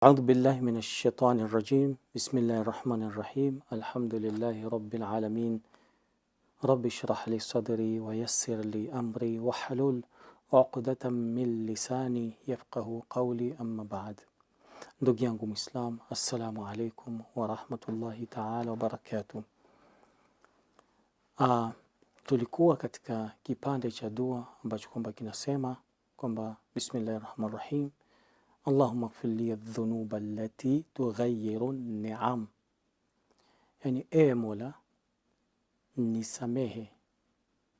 أعوذ بالله من الشيطان الرجيم بسم الله الرحمن الرحيم الحمد لله رب العالمين رب اشرح لي صدري ويسر لي أمري وحلل عقدة من لساني يفقه قولي أما بعد دوغيانغوم إسلام السلام عليكم ورحمة الله تعالى وبركاته آه tulikuwa كتكا kipande cha dua ambacho سيما kinasema kwamba bismillahi rahmani rahim, allahuma gfir li dhunuba allati tughayyiru niam, yani ewe Mola nisamehe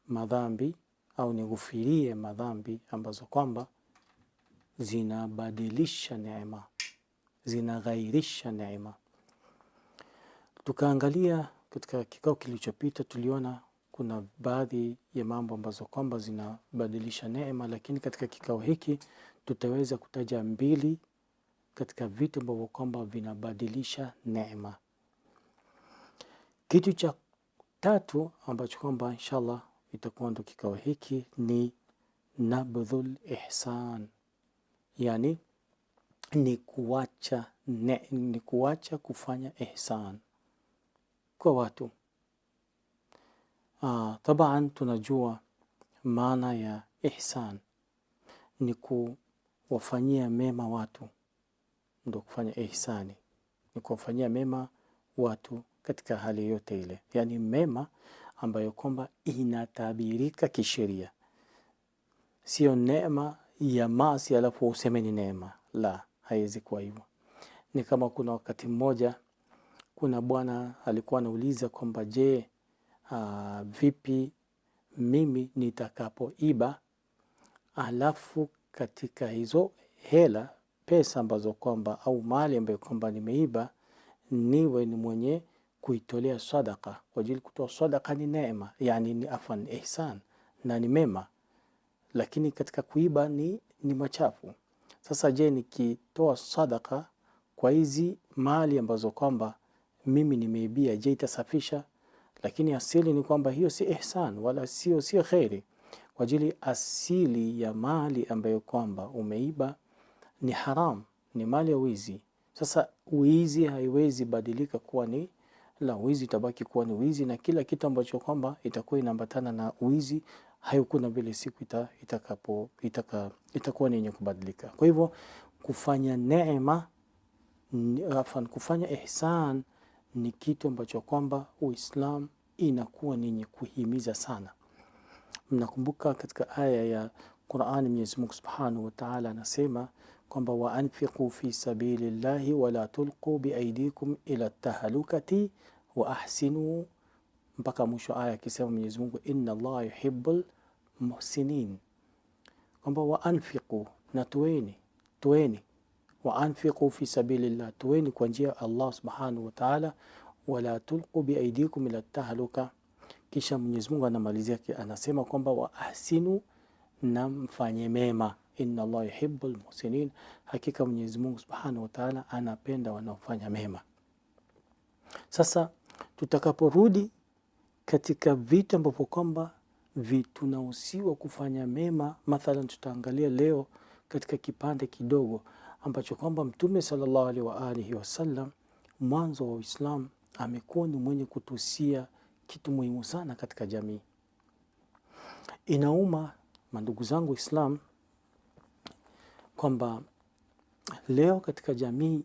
madhambi au nighufirie madhambi ambazo kwamba zinabadilisha neema, zinaghairisha neema. Tukaangalia katika kikao kilichopita, tuliona kuna baadhi ya mambo ambazo kwamba zinabadilisha neema, lakini katika kikao hiki tutaweza kutaja mbili katika vitu ambavyo kwamba vinabadilisha neema. Kitu cha tatu ambacho kwamba inshallah itakuwa ndo kikao hiki ni nabdhul ihsan, yani ni kuacha, ne, ni kuacha kufanya ihsan kwa watu Uh, taban tunajua maana ya ihsan ni kuwafanyia mema watu, ndo kufanya ihsani ni kuwafanyia mema watu katika hali yote ile, yani mema ambayo kwamba inatabirika kisheria, siyo neema ya maasi alafu useme ni neema. La, haiwezi kuwa hivyo. Ni kama kuna wakati mmoja, kuna bwana alikuwa anauliza kwamba je, uh, vipi mimi nitakapoiba, alafu katika hizo hela pesa ambazo kwamba au mali ambayo kwamba nimeiba niwe ni mwenye kuitolea sadaka, kwa ajili kutoa sadaka ni neema, yani ni afan ihsan na ni mema, lakini katika kuiba ni, ni machafu. Sasa je, nikitoa sadaka kwa hizi mali ambazo kwamba mimi nimeibia, je itasafisha? lakini asili ni kwamba hiyo si ihsan wala sio sio kheri kwa ajili asili ya mali ambayo kwamba umeiba ni haram, ni mali ya wizi. Sasa wizi haiwezi badilika kuwa ni la wizi, itabaki kuwa ni wizi, na kila kitu ambacho kwamba itakuwa inaambatana na wizi hayakuna vile siku ita, itakapo itaka, itakuwa ni yenye kubadilika. Kwa hivyo kufanya neema, afan, kufanya ihsan ni kitu ambacho kwamba Uislamu inakuwa ni yenye kuhimiza sana. Mnakumbuka katika aya ya Qurani Mwenyezi Mungu subhanahu wa taala anasema kwamba wa anfiqu fi sabilillahi wala tulqu biaidikum ila tahalukati wa ahsinu mpaka mwisho aya, akisema Mwenyezi Mungu inna llaha yuhibbul muhsinin, kwamba wa anfiqu, na toeni toeni wa anfiqu fi sabilillah, tuweni kwa njia ya Allah subhanahu wa ta'ala, wala tulqu biaidikum ila tahluka. Kisha Mwenyezi Mungu anamalizia anasema kwamba wa ahsinu, na mfanye mema, inna Allah yuhibbul muhsinin, hakika Mwenyezi Mungu subhanahu wa ta'ala anapenda wanaofanya mema. Sasa tutakaporudi katika vitu ambavyo kwamba tunahusiwa kufanya mema, mathalan tutaangalia leo katika kipande kidogo ambacho kwamba Mtume sallallahu alaihi wa alihi wasallam mwanzo wa Uislamu amekuwa ni mwenye kutusia kitu muhimu sana katika jamii. Inauma mandugu zangu Islam kwamba leo katika jamii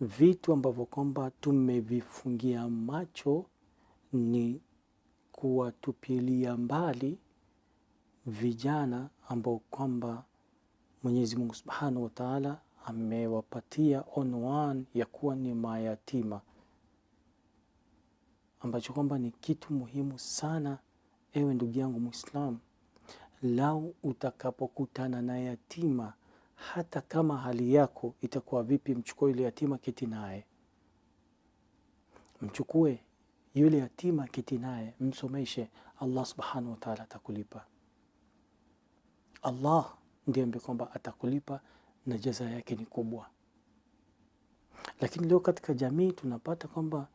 vitu ambavyo kwamba tumevifungia macho ni kuwatupilia mbali vijana ambao kwamba Mwenyezi Mungu Subhanahu wa Ta'ala amewapatia onwan ya kuwa ni mayatima, ambacho kwamba ni kitu muhimu sana. Ewe ndugu yangu Muislamu, lau utakapokutana na yatima, hata kama hali yako itakuwa vipi, mchukue yule yatima, keti naye, mchukue yule yatima, keti naye, msomeshe. Allah subhanahu wa ta'ala atakulipa. Allah ndiye ambaye kwamba atakulipa na jaza yake ni kubwa. Lakini leo katika jamii tunapata kwamba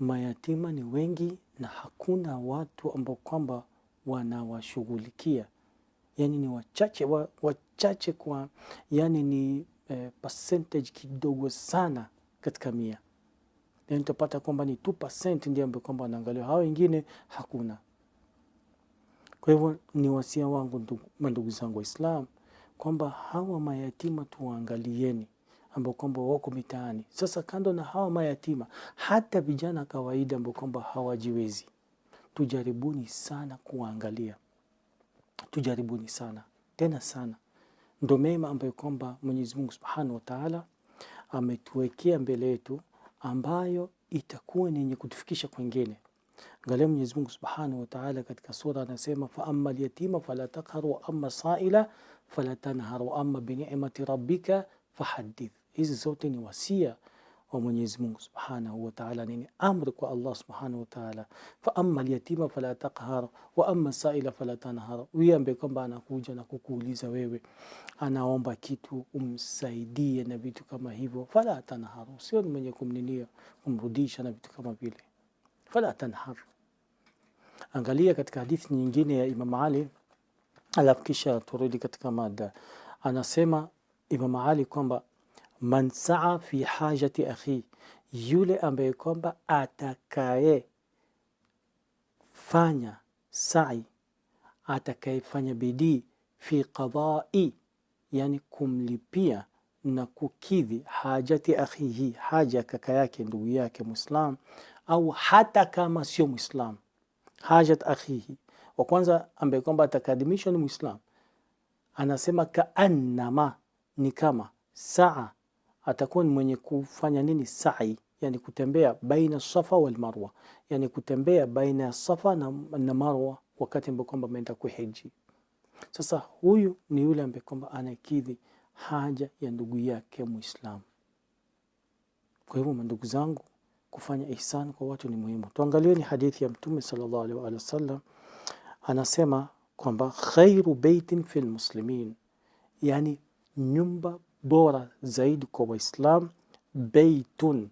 mayatima ni wengi na hakuna watu ambao kwamba wanawashughulikia, yani ni wachache wa, wachache kwa yani ni eh, percentage kidogo sana katika mia, yani utapata kwamba ni 2% ndio ambao kwamba wanaangaliwa, hao wengine hakuna. Kwa hivyo ni wasia wangu mandugu zangu Waislamu kwamba hawa mayatima tuwaangalieni ambao kwamba wako mitaani. Sasa kando na hawa mayatima, hata vijana kawaida ambao kwamba hawajiwezi, tujaribuni sana kuwaangalia, tujaribuni sana tena sana. Ndo mema ambayo kwamba Mwenyezi Mungu Subhanahu wa Ta'ala ametuwekea mbele yetu ambayo itakuwa ni yenye kutufikisha kwengine. Angalia Mwenyezi Mungu Subhanahu wa Ta'ala katika sura anasema, fa amma alyatima fala taqhar wa amma sa'ila fala tanhar wa amma bi ni'mati rabbika fahaddith. Hizi zote ni wasia wa Mwenyezi Mungu Subhanahu wa Ta'ala, nini amri kwa Allah Subhanahu wa Ta'ala. Fa amma alyatima fala taqhar wa amma sa'ila fala tanhar, huyu ambaye kwamba anakuja na kukuuliza wewe, anaomba kitu umsaidie na vitu kama hivyo, fala tanhar, sio mwenye kumninia kumrudisha na vitu kama vile wala tanhar. Angalia katika hadithi nyingine ya Imam Ali, alafu kisha turudi katika mada. Anasema Imam Ali kwamba man saa fi hajati akhi, yule ambaye kwamba atakaye fanya sai, atakayefanya bidii fi qadai, yani kumlipia na kukidhi hajati akhihi, haja ya kaka yake, ndugu yake Muislam au hata kama sio Muislam, hajat akhihi wa kwanza ambaye kwamba atakadimishwa ni Muislam, anasema kaannama, ni kama saa, atakuwa ni mwenye kufanya nini? Sai, yani kutembea baina safa wal marwa, yani kutembea baina ya safa na, na marwa wakati ambao kwamba ameenda kuhiji. Sasa huyu ni yule ambaye kwamba anakidhi haja ya ndugu yake muislam Kwa hivyo ndugu zangu kufanya ihsan kwa watu ni muhimu. Tuangalie ni hadithi ya Mtume sallallahu alaihi wasallam anasema kwamba khairu beitin fil muslimin, yani nyumba bora zaidi kwa Waislam beitun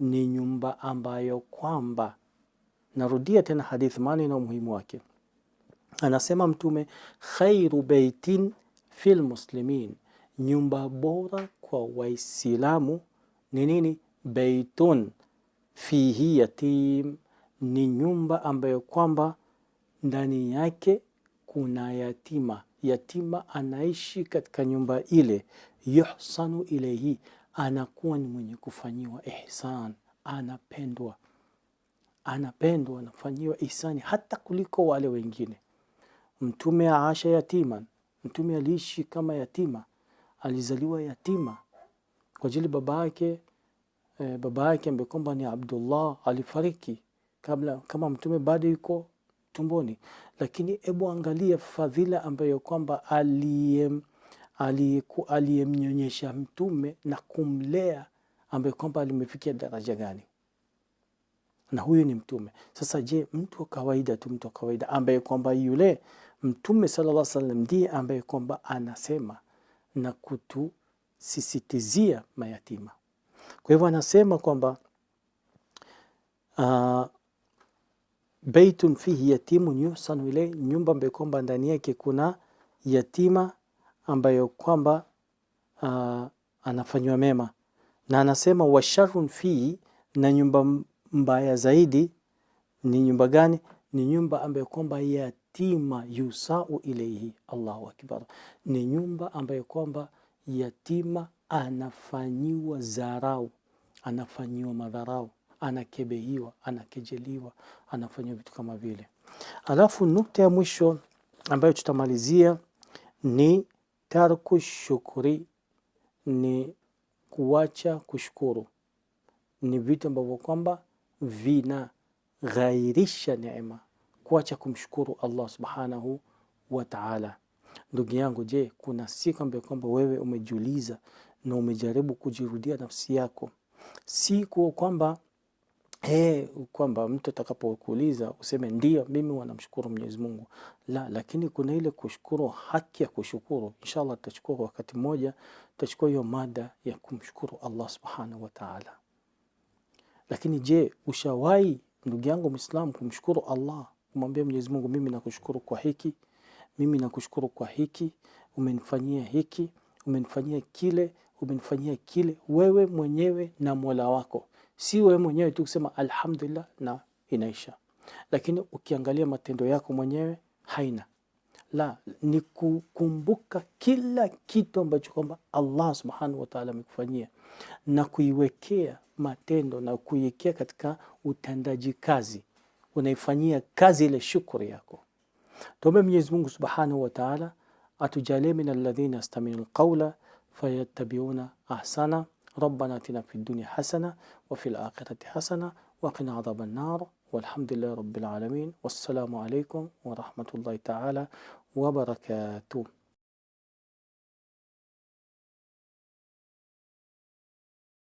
ni nyumba ambayo kwamba, narudia tena hadithi, maana ina umuhimu wake. Anasema Mtume, khairu beitin fil muslimin, nyumba bora kwa Waislamu ni nini? Beitun fihi yatim ni nyumba ambayo kwamba ndani yake kuna yatima. Yatima anaishi katika nyumba ile. Yuhsanu ilehi anakuwa ni mwenye kufanyiwa ihsan, anapendwa, anapendwa, anafanyiwa ihsani hata kuliko wale wengine. Mtume aasha yatiman, Mtume aliishi kama yatima, alizaliwa yatima kwa ajili baba yake Eh, baba yake ambaye kwamba ni Abdullah alifariki kabla kama mtume bado yuko tumboni, lakini hebu angalia fadhila ambayo kwamba aliyemnyonyesha mtume na kumlea ambaye kwamba alimefikia daraja gani? Na huyu ni mtume. Sasa je, mtu wa kawaida tu, mtu wa kawaida ambaye kwamba yule mtume sallallahu alaihi wasallam ndiye ambaye kwamba anasema na kutusisitizia mayatima kwa hivyo anasema kwamba uh, baitun fihi yatimun yuhsanu ilay, nyumba ambayo kwamba ndani yake kuna yatima ambayo kwamba uh, anafanywa mema, na anasema washarun fihi, na nyumba mbaya zaidi ni nyumba gani? Ni nyumba ambayo kwamba yatima yusau ilaihi. Allahu akbar, ni nyumba ambayo kwamba yatima anafanyiwa dharau, anafanyiwa madharau, anakebehiwa, anakejeliwa, anafanyiwa vitu kama vile. Alafu nukta ya mwisho ambayo tutamalizia ni tarku shukri, ni kuacha kushukuru. Ni vitu ambavyo kwamba vinaghairisha neema, kuacha kumshukuru Allah subhanahu wa taala. Ndugu yangu, je, kuna siku ambayo kwamba wewe umejiuliza na umejaribu kujirudia nafsi yako, si kwa kwamba eh, kwamba mtu atakapokuuliza useme ndio, mimi wanamshukuru Mwenyezi Mungu, la, lakini kuna ile kushukuru, haki ya kushukuru. Inshallah tutachukua kwa wakati mmoja, tutachukua hiyo mada ya kumshukuru Allah subhanahu wa ta'ala. Lakini je, ushawahi ndugu yangu Muislamu kumshukuru Allah, kumwambia Mwenyezi Mungu, mimi nakushukuru kwa hiki, mimi nakushukuru kwa hiki, umenifanyia hiki, umenifanyia kile, umenifanyia kile wewe mwenyewe na Mola wako, si wewe mwenyewe tu kusema alhamdulillah na inaisha. Lakini ukiangalia matendo yako mwenyewe haina la, ni kukumbuka kila kitu ambacho kwamba Allah subhanahu wa ta'ala amekufanyia na kuiwekea matendo na kuiwekea katika utendaji kazi, unaifanyia kazi ile shukuri yako. Tuombe Mwenyezi Mungu subhanahu wa ta'ala atujalie min alladhina yastami'una alqawla فيتبعون أحسن ربنا اتنا في الدنيا حسنة وفي الآخرة حسنة وقنا عذاب النار والحمد لله رب العالمين والسلام عليكم ورحمة الله تعالى وبركاته